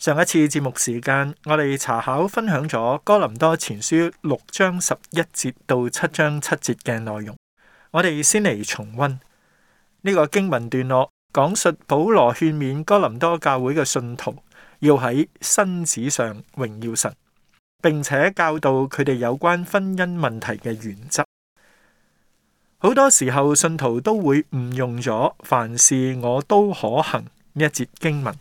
上一次節目時間，我哋查考分享咗哥林多前書六章十一節到七章七節嘅內容。我哋先嚟重溫呢、這個經文段落，講述保羅勸勉哥林多教會嘅信徒要喺身子上榮耀神，並且教導佢哋有關婚姻問題嘅原則。好多時候，信徒都會誤用咗凡事我都可行呢一節經文。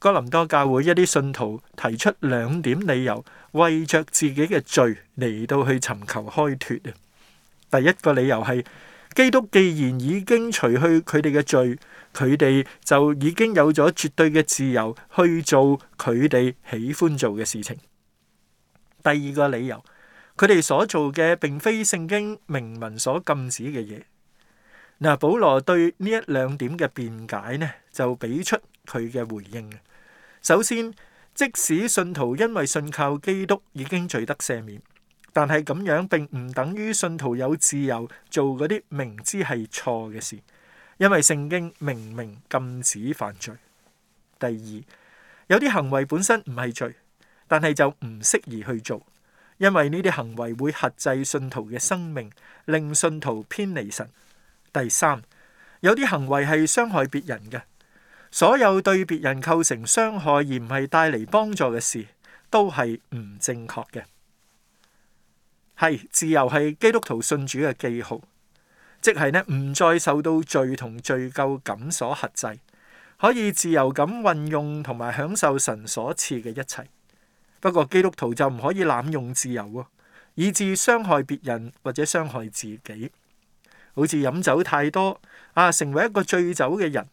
哥林多教會一啲信徒提出兩點理由，為着自己嘅罪嚟，到去尋求開脫。第一個理由，係基督既然已經除去佢哋嘅罪，佢哋就已經有咗絕對嘅自由去做佢哋喜歡做嘅事情。第二個理由，佢哋所做嘅並非聖經明文所禁止嘅嘢。嗱，保羅對呢一兩點嘅辯解呢，就俾出佢嘅回應。首先，即使信徒因為信靠基督已經罪得赦免，但係咁樣並唔等於信徒有自由做嗰啲明知係錯嘅事，因為聖經明明禁止犯罪。第二，有啲行為本身唔係罪，但係就唔適宜去做，因為呢啲行為會轄制信徒嘅生命，令信徒偏離神。第三，有啲行為係傷害別人嘅。所有對別人構成傷害而唔係帶嚟幫助嘅事，都係唔正確嘅。係自由係基督徒信主嘅記號，即係咧唔再受到罪同罪疚感所限制，可以自由咁運用同埋享受神所賜嘅一切。不過基督徒就唔可以濫用自由，以致傷害別人或者傷害自己。好似飲酒太多啊，成為一個醉酒嘅人。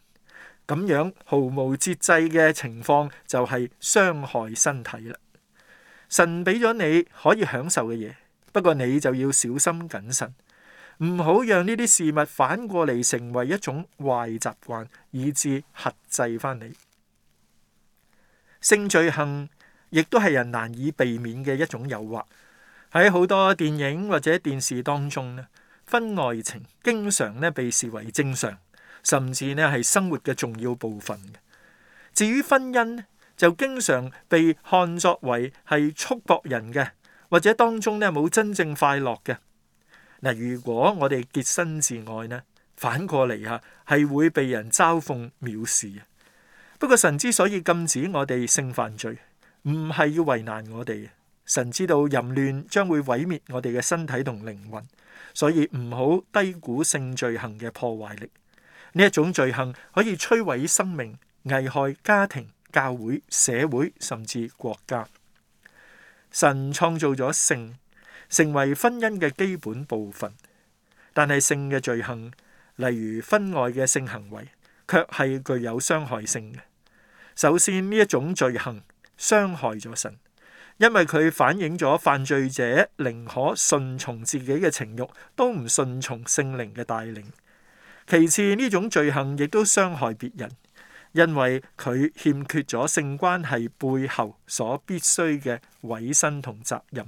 咁樣毫無節制嘅情況就係傷害身體啦。神俾咗你可以享受嘅嘢，不過你就要小心謹慎，唔好讓呢啲事物反過嚟成為一種壞習慣，以致轄制返你。性罪行亦都係人難以避免嘅一種誘惑。喺好多電影或者電視當中呢，婚外情經常呢被視為正常。甚至咧，係生活嘅重要部分。至於婚姻，就經常被看作為係束縛人嘅，或者當中咧冇真正快樂嘅嗱。如果我哋潔身自愛呢，反過嚟啊，係會被人嘲諷藐視啊。不過神之所以禁止我哋性犯罪，唔係要為難我哋。神知道淫亂將會毀滅我哋嘅身體同靈魂，所以唔好低估性罪行嘅破壞力。呢一種罪行可以摧毀生命、危害家庭、教會、社會，甚至國家。神創造咗性，成為婚姻嘅基本部分，但係性嘅罪行，例如婚外嘅性行為，卻係具有傷害性嘅。首先，呢一種罪行傷害咗神，因為佢反映咗犯罪者寧可順從自己嘅情慾，都唔順從聖靈嘅帶領。其次，呢種罪行亦都傷害別人，因為佢欠缺咗性關係背後所必須嘅委身同責任。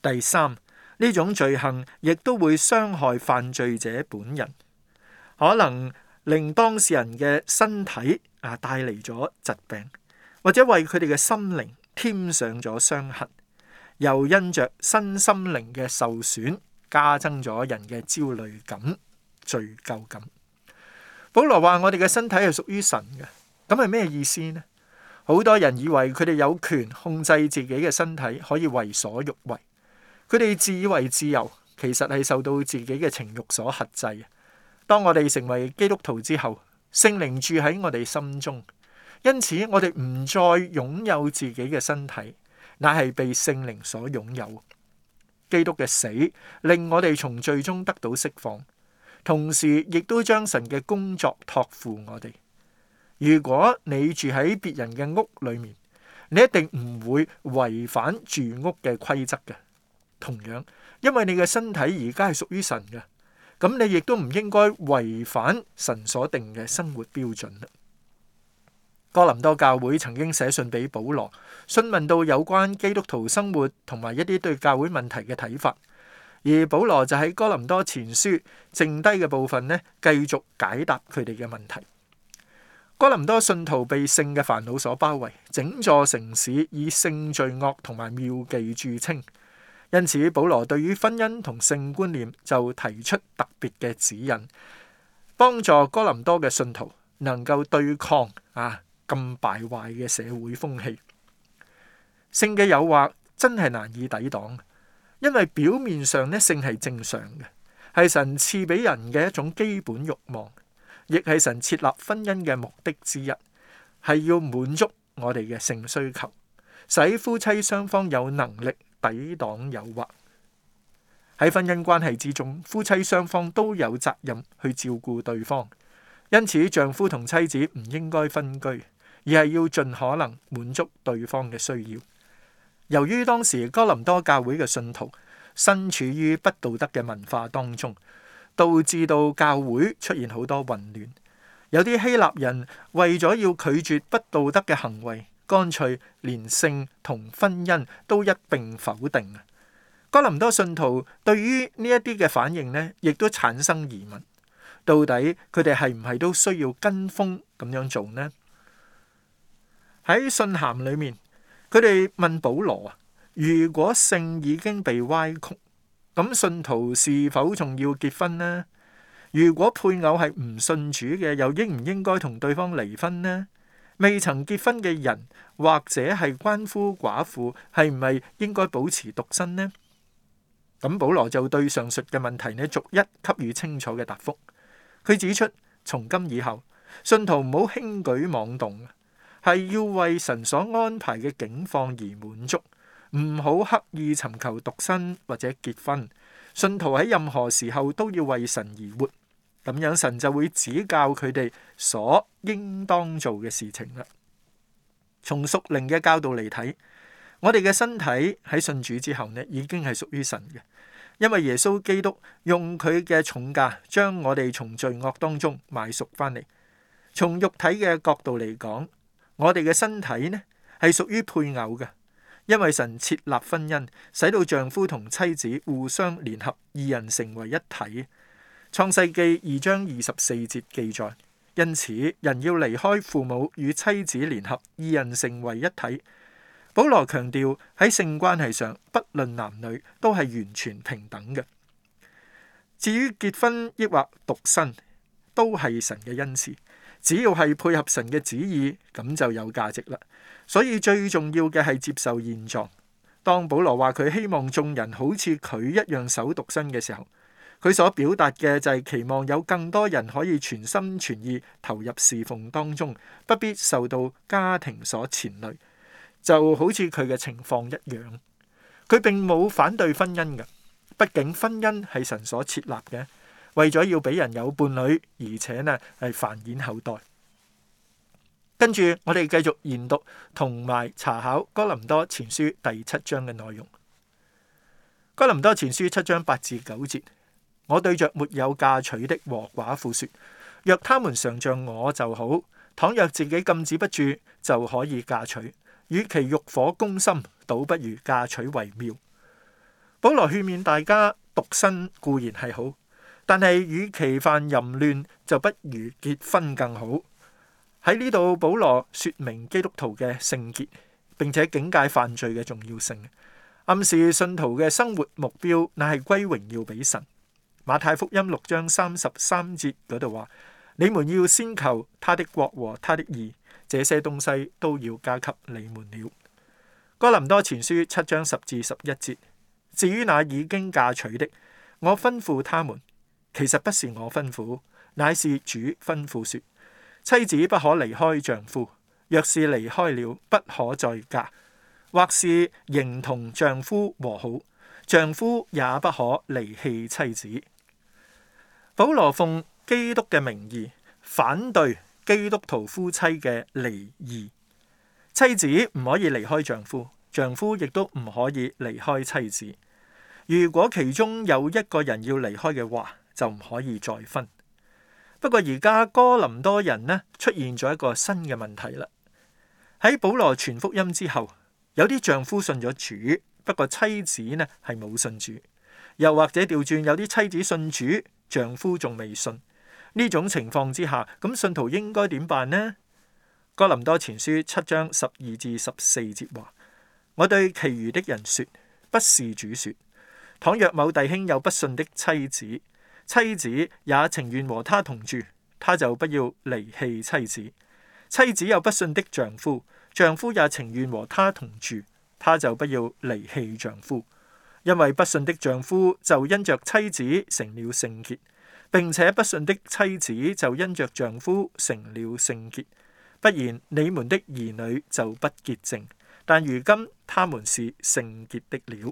第三，呢種罪行亦都會傷害犯罪者本人，可能令當事人嘅身體啊帶嚟咗疾病，或者為佢哋嘅心靈添上咗傷痕，又因着身心靈嘅受損，加增咗人嘅焦慮感。罪疚感。保羅話：我哋嘅身體係屬於神嘅，咁係咩意思呢？好多人以為佢哋有權控制自己嘅身體，可以為所欲為。佢哋自以為自由，其實係受到自己嘅情欲所限制。當我哋成為基督徒之後，聖靈住喺我哋心中，因此我哋唔再擁有自己嘅身體，乃係被聖靈所擁有。基督嘅死令我哋從罪中得到釋放。同時，亦都將神嘅工作托付我哋。如果你住喺別人嘅屋裏面，你一定唔會違反住屋嘅規則嘅。同樣，因為你嘅身體而家係屬於神嘅，咁你亦都唔應該違反神所定嘅生活標準啦。哥林多教會曾經寫信俾保羅，詢問到有關基督徒生活同埋一啲對教會問題嘅睇法。而保羅就喺哥林多前書剩低嘅部分呢，繼續解答佢哋嘅問題。哥林多信徒被性嘅煩惱所包圍，整座城市以性罪惡同埋廟妓著稱。因此，保羅對於婚姻同性觀念就提出特別嘅指引，幫助哥林多嘅信徒能夠對抗啊咁敗壞嘅社會風氣。性嘅誘惑真係難以抵擋。因為表面上咧，性係正常嘅，係神賜俾人嘅一種基本慾望，亦係神設立婚姻嘅目的之一，係要滿足我哋嘅性需求，使夫妻雙方有能力抵擋誘惑。喺婚姻關係之中，夫妻雙方都有責任去照顧對方，因此丈夫同妻子唔應該分居，而係要盡可能滿足對方嘅需要。由於當時哥林多教會嘅信徒身處於不道德嘅文化當中，導致到教會出現好多混亂。有啲希臘人為咗要拒絕不道德嘅行為，乾脆連性同婚姻都一併否定。哥林多信徒對於呢一啲嘅反應呢，亦都產生疑問：到底佢哋係唔係都需要跟風咁樣做呢？喺信函裏面。佢哋問保羅：如果性已經被歪曲，咁信徒是否仲要結婚呢？如果配偶係唔信主嘅，又應唔應該同對方離婚呢？未曾結婚嘅人或者係鰥夫寡婦，係唔係應該保持獨身呢？咁保羅就對上述嘅問題呢，逐一給予清楚嘅答覆。佢指出，從今以後，信徒唔好輕舉妄動。係要為神所安排嘅境況而滿足，唔好刻意尋求獨身或者結婚。信徒喺任何時候都要為神而活，咁樣神就會指教佢哋所應當做嘅事情啦。從屬靈嘅角度嚟睇，我哋嘅身體喺信主之後呢，已經係屬於神嘅，因為耶穌基督用佢嘅重價將我哋從罪惡當中買贖翻嚟。從肉體嘅角度嚟講，我哋嘅身體呢係屬於配偶嘅，因為神設立婚姻，使到丈夫同妻子互相聯合，二人成為一體。創世記二章二十四節記載，因此人要離開父母與妻子聯合，二人成為一體。保羅強調喺性關係上，不論男女都係完全平等嘅。至於結婚抑或獨身，都係神嘅恩賜。只要係配合神嘅旨意，咁就有價值啦。所以最重要嘅係接受現狀。當保羅話佢希望眾人好似佢一樣守獨身嘅時候，佢所表達嘅就係期望有更多人可以全心全意投入侍奉當中，不必受到家庭所纏累，就好似佢嘅情況一樣。佢並冇反對婚姻㗎，畢竟婚姻係神所設立嘅。為咗要俾人有伴侶，而且呢係繁衍後代。跟住我哋繼續研讀同埋查考哥林多前書第七章嘅內容。哥林多前書七章八至九節，我對着沒有嫁娶的和寡婦說：若他們常像我就好；倘若自己禁止不住，就可以嫁娶。與其欲火攻心，倒不如嫁娶為妙。保羅勸勉大家獨身固然係好。但係，與其犯淫亂，就不如結婚更好。喺呢度，保羅說明基督徒嘅聖潔，並且警戒犯罪嘅重要性，暗示信徒嘅生活目標乃係歸榮耀俾神。馬太福音六章三十三節嗰度話：你們要先求他的國和他的義，這些東西都要加給你們了。哥林多前書七章十至十一節：至於那已經嫁娶的，我吩咐他們。其實不是我吩咐，乃是主吩咐說：妻子不可離開丈夫，若是離開了，不可再嫁；或是仍同丈夫和好，丈夫也不可離棄妻子。保羅奉基督嘅名義反對基督徒夫妻嘅離異，妻子唔可以離開丈夫，丈夫亦都唔可以離開妻子。如果其中有一個人要離開嘅話，就唔可以再分。不過而家哥林多人呢，出現咗一個新嘅問題啦。喺保羅傳福音之後，有啲丈夫信咗主，不過妻子呢，係冇信主；又或者調轉，有啲妻子信主，丈夫仲未信。呢種情況之下，咁信徒應該點辦呢？哥林多前書七章十二至十四節話：我對其餘的人說，不是主說，倘若某弟兄有不信的妻子。妻子也情願和他同住，他就不要離棄妻子；妻子有不信的丈夫，丈夫也情願和他同住，他就不要離棄丈夫。因為不信的丈夫就因着妻子成了聖潔，並且不信的妻子就因着丈夫成了聖潔。不然你們的兒女就不潔淨，但如今他們是聖潔的了。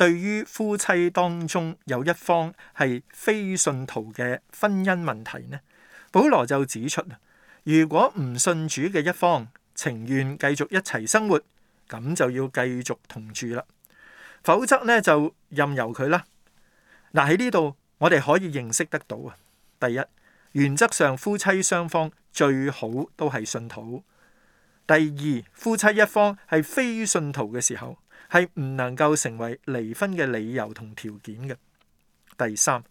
對於夫妻當中有一方係非信徒嘅婚姻問題呢，保羅就指出如果唔信主嘅一方情願繼續一齊生活，咁就要繼續同住啦。否則呢就任由佢啦。嗱，喺呢度我哋可以認識得到啊。第一，原則上夫妻雙方最好都係信徒。第二，夫妻一方係非信徒嘅時候，係唔能夠成為離婚嘅理由同條件嘅。第三，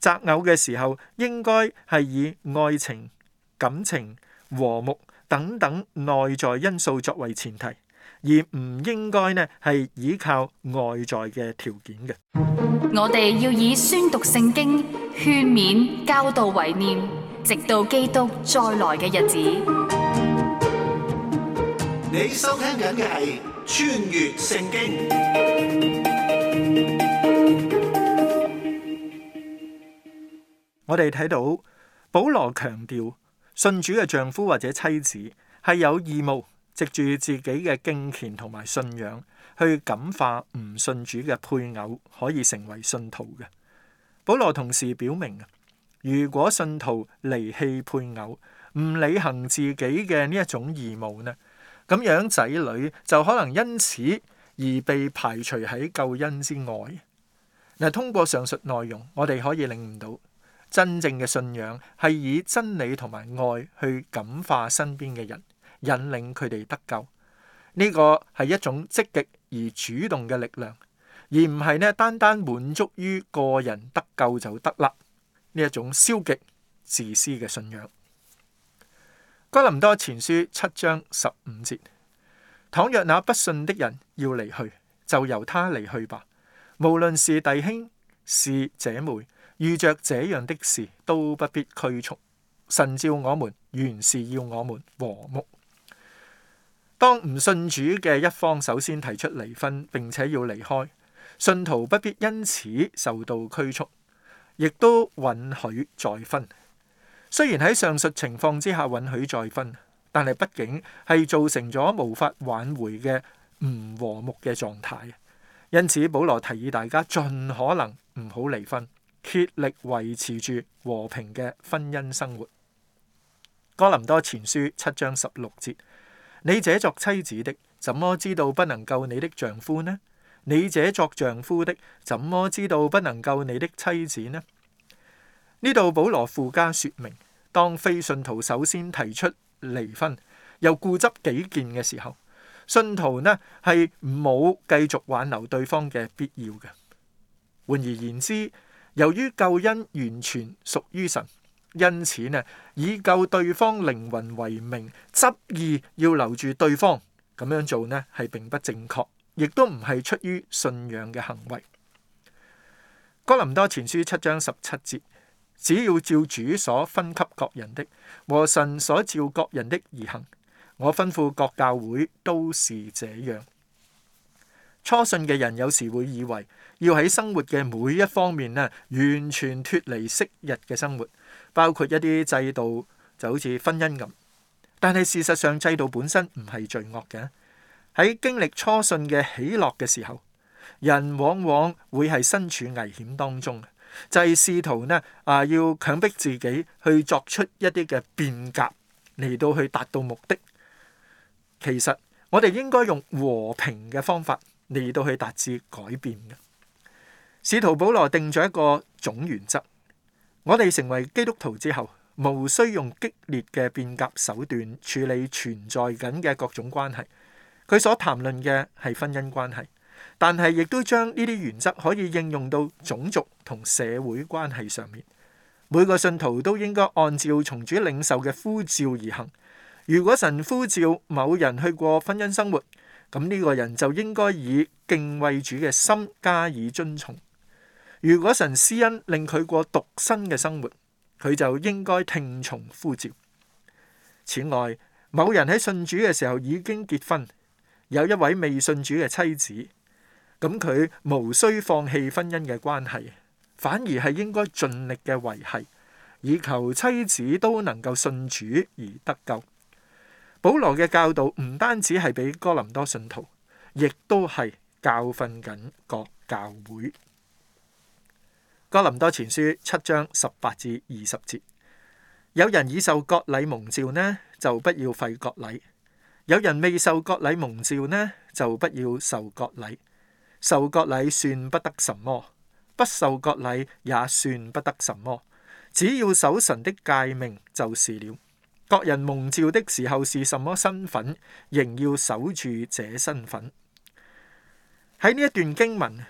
擇偶嘅時候，應該係以愛情、感情、和睦等等內在因素作為前提，而唔應該呢係依靠外在嘅條件嘅。我哋要以宣讀聖經、勸勉、教導為念，直到基督再來嘅日子。你收聽緊嘅係。穿越聖經，我哋睇到保羅強調，信主嘅丈夫或者妻子係有義務藉住自己嘅敬虔同埋信仰去感化唔信主嘅配偶，可以成為信徒嘅。保羅同時表明，如果信徒離棄配偶，唔履行自己嘅呢一種義務呢，咁樣仔女就可能因此而被排除喺救恩之外。嗱，通過上述內容，我哋可以領悟到，真正嘅信仰係以真理同埋愛去感化身邊嘅人，引領佢哋得救。呢個係一種積極而主動嘅力量，而唔係咧單單滿足於個人得救就得啦。呢一種消極自私嘅信仰。哥林多前書七章十五節：倘若那不信的人要離去，就由他離去吧。無論是弟兄是姐妹，遇着這樣的事都不必拘束。神召我們原是要我們和睦。當唔信主嘅一方首先提出離婚，並且要離開，信徒不必因此受到拘束，亦都允許再婚。雖然喺上述情況之下允許再婚，但係畢竟係造成咗無法挽回嘅唔和睦嘅狀態。因此，保羅提議大家盡可能唔好離婚，竭力維持住和平嘅婚姻生活。哥林多前書七章十六節：你這作妻子的，怎麼知道不能救你的丈夫呢？你這作丈夫的，怎麼知道不能救你的妻子呢？呢度保羅附加說明，當非信徒首先提出離婚，又固執己見嘅時候，信徒呢係冇繼續挽留對方嘅必要嘅。換而言之，由於救恩完全屬於神，因此呢以救對方靈魂為名，執意要留住對方，咁樣做呢係並不正確，亦都唔係出於信仰嘅行為。哥林多前書七章十七節。只要照主所分給各人的和神所照各人的而行，我吩咐各教會都是這樣。初信嘅人有時會以為要喺生活嘅每一方面呢，完全脫離昔日嘅生活，包括一啲制度，就好似婚姻咁。但係事實上，制度本身唔係罪惡嘅。喺經歷初信嘅喜樂嘅時候，人往往會係身處危險當中。就係試圖呢啊、呃，要強迫自己去作出一啲嘅變革嚟到去達到目的。其實我哋應該用和平嘅方法嚟到去達至改變嘅。使徒保羅定咗一個總原則：我哋成為基督徒之後，無需用激烈嘅變革手段處理存在緊嘅各種關係。佢所談論嘅係婚姻關係，但係亦都將呢啲原則可以應用到種族同社會關係上面，每個信徒都應該按照從主領受嘅呼召而行。如果神呼召某人去過婚姻生活，咁呢個人就應該以敬畏主嘅心加以遵從。如果神施恩令佢過獨身嘅生活，佢就應該聽從呼召。此外，某人喺信主嘅時候已經結婚，有一位未信主嘅妻子，咁佢無需放棄婚姻嘅關係。反而係應該盡力嘅維繫，以求妻子都能夠信主而得救。保羅嘅教導唔單止係俾哥林多信徒，亦都係教訓緊各教會。哥林多前書七章十八至二十節：有人已受割禮蒙召呢，就不要廢割禮；有人未受割禮蒙召呢，就不要受割禮。受割禮算不得什麼。不受割禮也算不得什麼，只要守神的誡命就是了。各人蒙召的時候是什麼身份，仍要守住這身份。喺呢一段經文，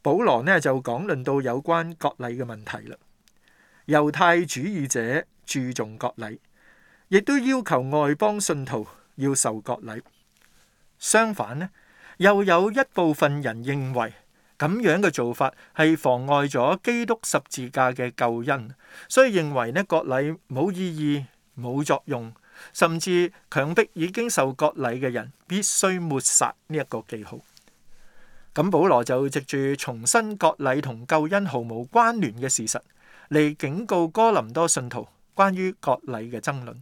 保羅呢就講論到有關割禮嘅問題啦。猶太主義者注重割禮，亦都要求外邦信徒要受割禮。相反呢，又有一部分人認為，咁樣嘅做法係妨礙咗基督十字架嘅救恩，所以認為呢割禮冇意義、冇作用，甚至強迫已經受割禮嘅人必須抹殺呢一個記號。咁保羅就藉住重申割禮同救恩毫無關聯嘅事實嚟警告哥林多信徒關於割禮嘅爭論。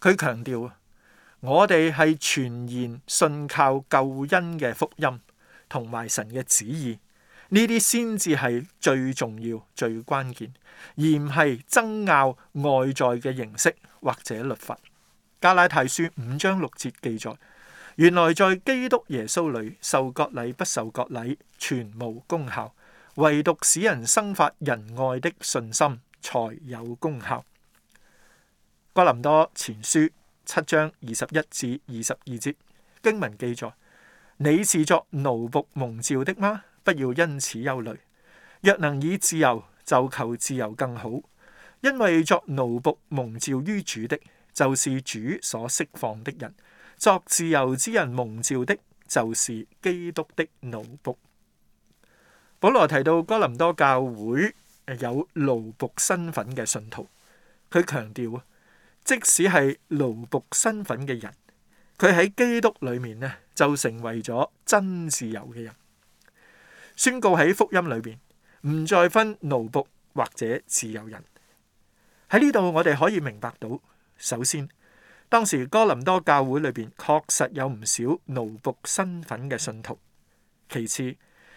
佢強調，我哋係傳言信靠救恩嘅福音。同埋神嘅旨意，呢啲先至係最重要、最關鍵，而唔係爭拗外在嘅形式或者律法。加拉太書五章六節記載：原來在基督耶穌裏受割禮不受割禮全無功效，唯獨使人生發仁愛的信心才有功效。哥林多前書七章二十一至二十二節經文記載。你是作奴僕蒙召的嗎？不要因此憂慮。若能以自由，就求自由更好。因為作奴僕蒙召於主的，就是主所釋放的人；作自由之人蒙召的，就是基督的奴僕。保羅提到哥林多教會有奴僕身份嘅信徒，佢強調即使係奴僕身份嘅人。佢喺基督裏面咧，就成為咗真自由嘅人，宣告喺福音裏邊唔再分奴僕或者自由人。喺呢度我哋可以明白到，首先當時哥林多教會裏邊確實有唔少奴僕身份嘅信徒；其次，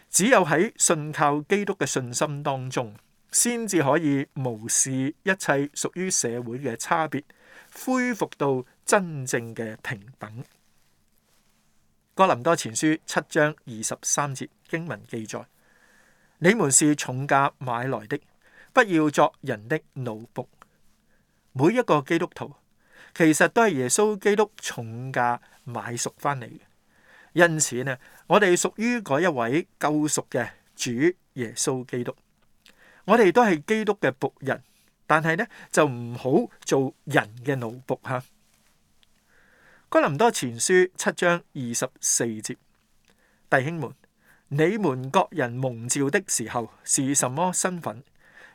只有喺信靠基督嘅信心當中，先至可以無視一切屬於社會嘅差別，恢復到真正嘅平等，《哥林多前書》七章二十三節經文記載：你們是重價買來的，不要作人的奴僕。每一個基督徒其實都係耶穌基督重價買贖翻嚟嘅，因此呢，我哋屬於嗰一位救贖嘅主耶穌基督。我哋都係基督嘅僕人，但係呢就唔好做人嘅奴僕吓。哥林多前書七章二十四節，弟兄們，你們各人蒙召的時候是什麼身份，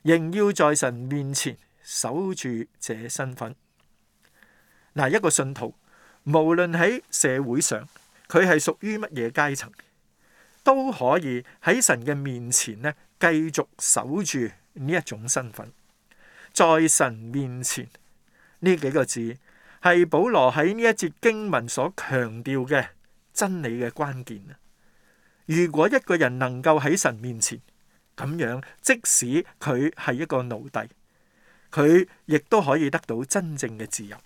仍要在神面前守住這身份。嗱，一個信徒，無論喺社會上，佢係屬於乜嘢階層，都可以喺神嘅面前咧，繼續守住呢一種身份。在神面前，呢幾個字。係保羅喺呢一節經文所強調嘅真理嘅關鍵。如果一個人能夠喺神面前咁樣，即使佢係一個奴隸，佢亦都可以得到真正嘅自由。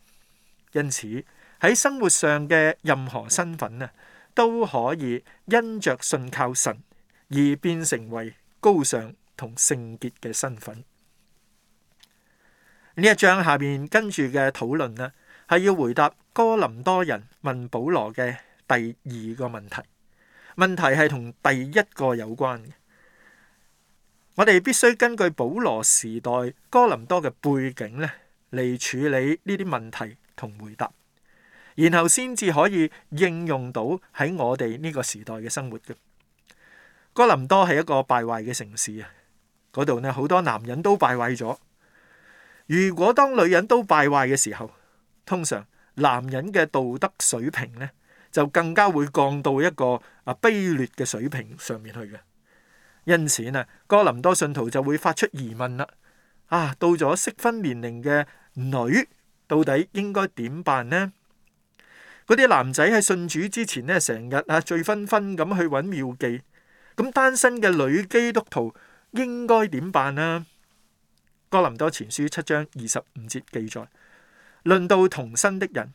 因此喺生活上嘅任何身份啊，都可以因着信靠神而變成為高尚同聖潔嘅身份。呢一章下面跟住嘅討論啦，係要回答哥林多人問保羅嘅第二個問題，問題係同第一個有關嘅。我哋必須根據保羅時代哥林多嘅背景呢，嚟處理呢啲問題同回答，然後先至可以應用到喺我哋呢個時代嘅生活嘅。哥林多係一個敗壞嘅城市啊，嗰度呢好多男人都敗壞咗。如果當女人都敗壞嘅時候，通常男人嘅道德水平咧，就更加會降到一個啊卑劣嘅水平上面去嘅。因此啊，哥林多信徒就會發出疑問啦：啊，到咗適婚年齡嘅女，到底應該點辦呢？嗰啲男仔喺信主之前咧，成日啊醉醺醺咁去揾廟妓。咁單身嘅女基督徒應該點辦呢？哥林多前書七章二十五節記載。論到童身的人，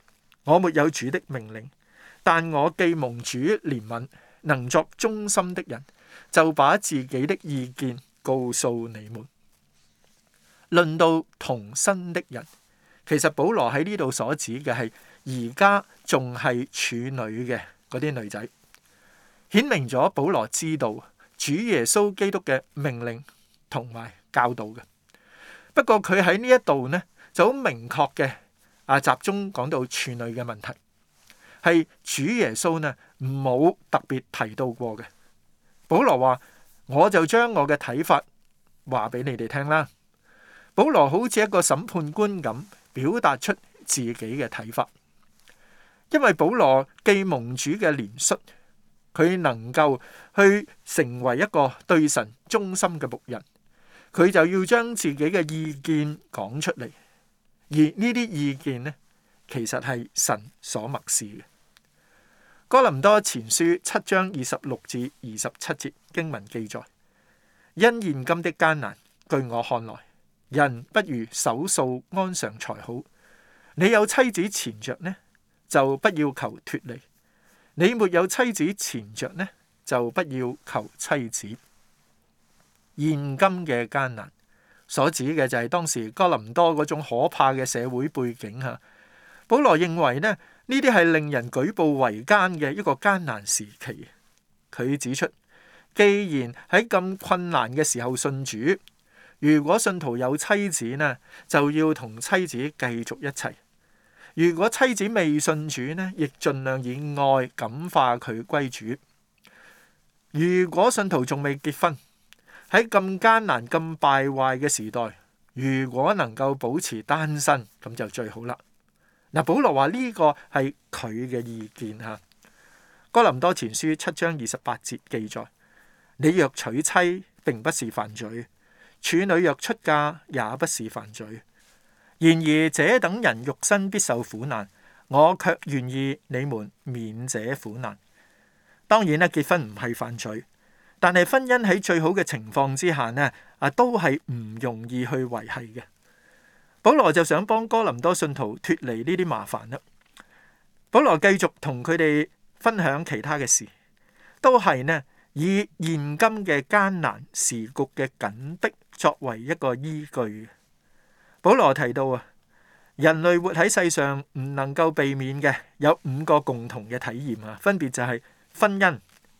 我沒有主的命令，但我既蒙主憐憫，能作忠心的人，就把自己的意見告訴你們。論到童身的人，其實保羅喺呢度所指嘅係而家仲係處女嘅嗰啲女仔，顯明咗保羅知道主耶穌基督嘅命令同埋教導嘅。不過佢喺呢一度呢就好明確嘅。啊！集中講到處女嘅問題，係主耶穌呢，冇特別提到過嘅。保羅話：我就將我嘅睇法話俾你哋聽啦。保羅好似一個審判官咁，表達出自己嘅睇法，因為保羅既蒙主嘅憐恤，佢能夠去成為一個對神忠心嘅僕人，佢就要將自己嘅意見講出嚟。而呢啲意見咧，其實係神所默示嘅。哥林多前書七章二十六至二十七節經文記載：因現今的艱難，據我看來，人不如守素安常才好。你有妻子纏着呢，就不要求脫離；你沒有妻子纏着呢，就不要求妻子。現今嘅艱難。所指嘅就係當時哥林多嗰種可怕嘅社會背景嚇。保羅認為呢，呢啲係令人舉步維艱嘅一個艱難時期。佢指出，既然喺咁困難嘅時候信主，如果信徒有妻子呢，就要同妻子繼續一齊；如果妻子未信主呢，亦盡量以愛感化佢歸主。如果信徒仲未結婚，喺咁艱難、咁敗壞嘅時代，如果能夠保持單身，咁就最好啦。嗱，保羅話呢個係佢嘅意見嚇，《哥林多前書》七章二十八節記載：你若娶妻並不是犯罪，處女若出嫁也不是犯罪。然而這等人肉身必受苦難，我卻願意你們免這苦難。當然咧，結婚唔係犯罪。但係婚姻喺最好嘅情況之下呢，啊都係唔容易去維繫嘅。保羅就想幫哥林多信徒脫離呢啲麻煩啦。保羅繼續同佢哋分享其他嘅事，都係呢以現今嘅艱難時局嘅緊迫作為一個依據。保羅提到啊，人類活喺世上唔能夠避免嘅有五個共同嘅體驗啊，分別就係婚姻、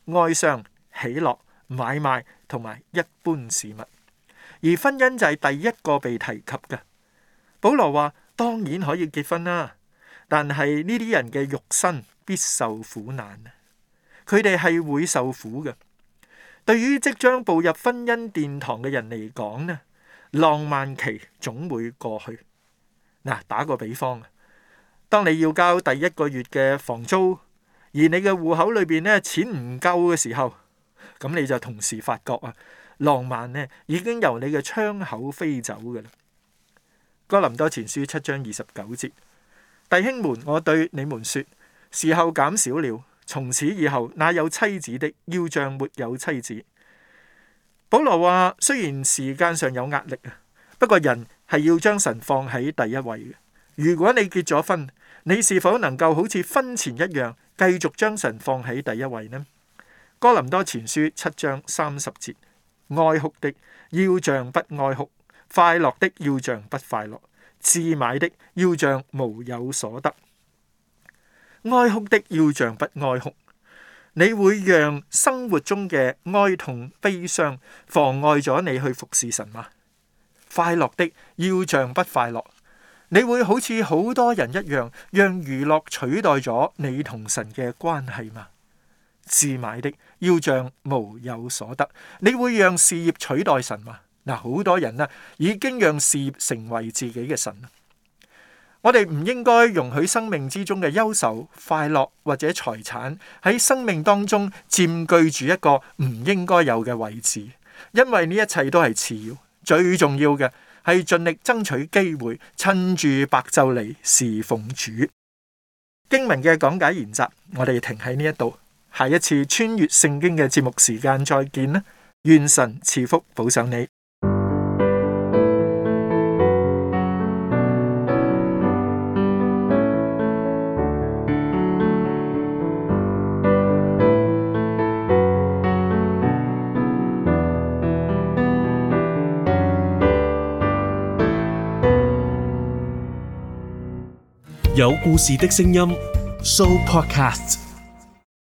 哀傷、喜樂。買賣同埋一般事物，而婚姻就係第一個被提及嘅。保羅話：當然可以結婚啦，但係呢啲人嘅肉身必受苦難，佢哋係會受苦嘅。對於即將步入婚姻殿堂嘅人嚟講呢，浪漫期總會過去。嗱，打個比方啊，當你要交第一個月嘅房租，而你嘅戶口裏邊呢，錢唔夠嘅時候。咁你就同時發覺啊，浪漫呢已經由你嘅窗口飛走嘅啦。哥林多前書七章二十九節，弟兄們，我對你們説，時候減少了，從此以後，那有妻子的，要像沒有妻子。保羅話：雖然時間上有壓力啊，不過人係要將神放喺第一位嘅。如果你結咗婚，你是否能夠好似婚前一樣，繼續將神放喺第一位呢？哥林多前書七章三十節：哀哭的要像不哀哭，快樂的要像不快樂，置買的要像無有所得。哀哭的要像不哀哭，你會讓生活中嘅哀痛悲傷妨礙咗你去服侍神嗎？快樂的要像不快樂，你會好似好多人一樣，讓娛樂取代咗你同神嘅關係嗎？置買的。要像無有所得，你會讓事業取代神嗎？嗱，好多人啊，已經讓事業成為自己嘅神。我哋唔應該容許生命之中嘅憂愁、快樂或者財產喺生命當中佔據住一個唔應該有嘅位置，因為呢一切都係次要，最重要嘅係盡力爭取機會，趁住白晝嚟侍奉主。經文嘅講解研習，我哋停喺呢一度。下一次穿越聖經嘅節目時間再見啦！願神賜福保佑你。有故事的聲音，Show Podcast。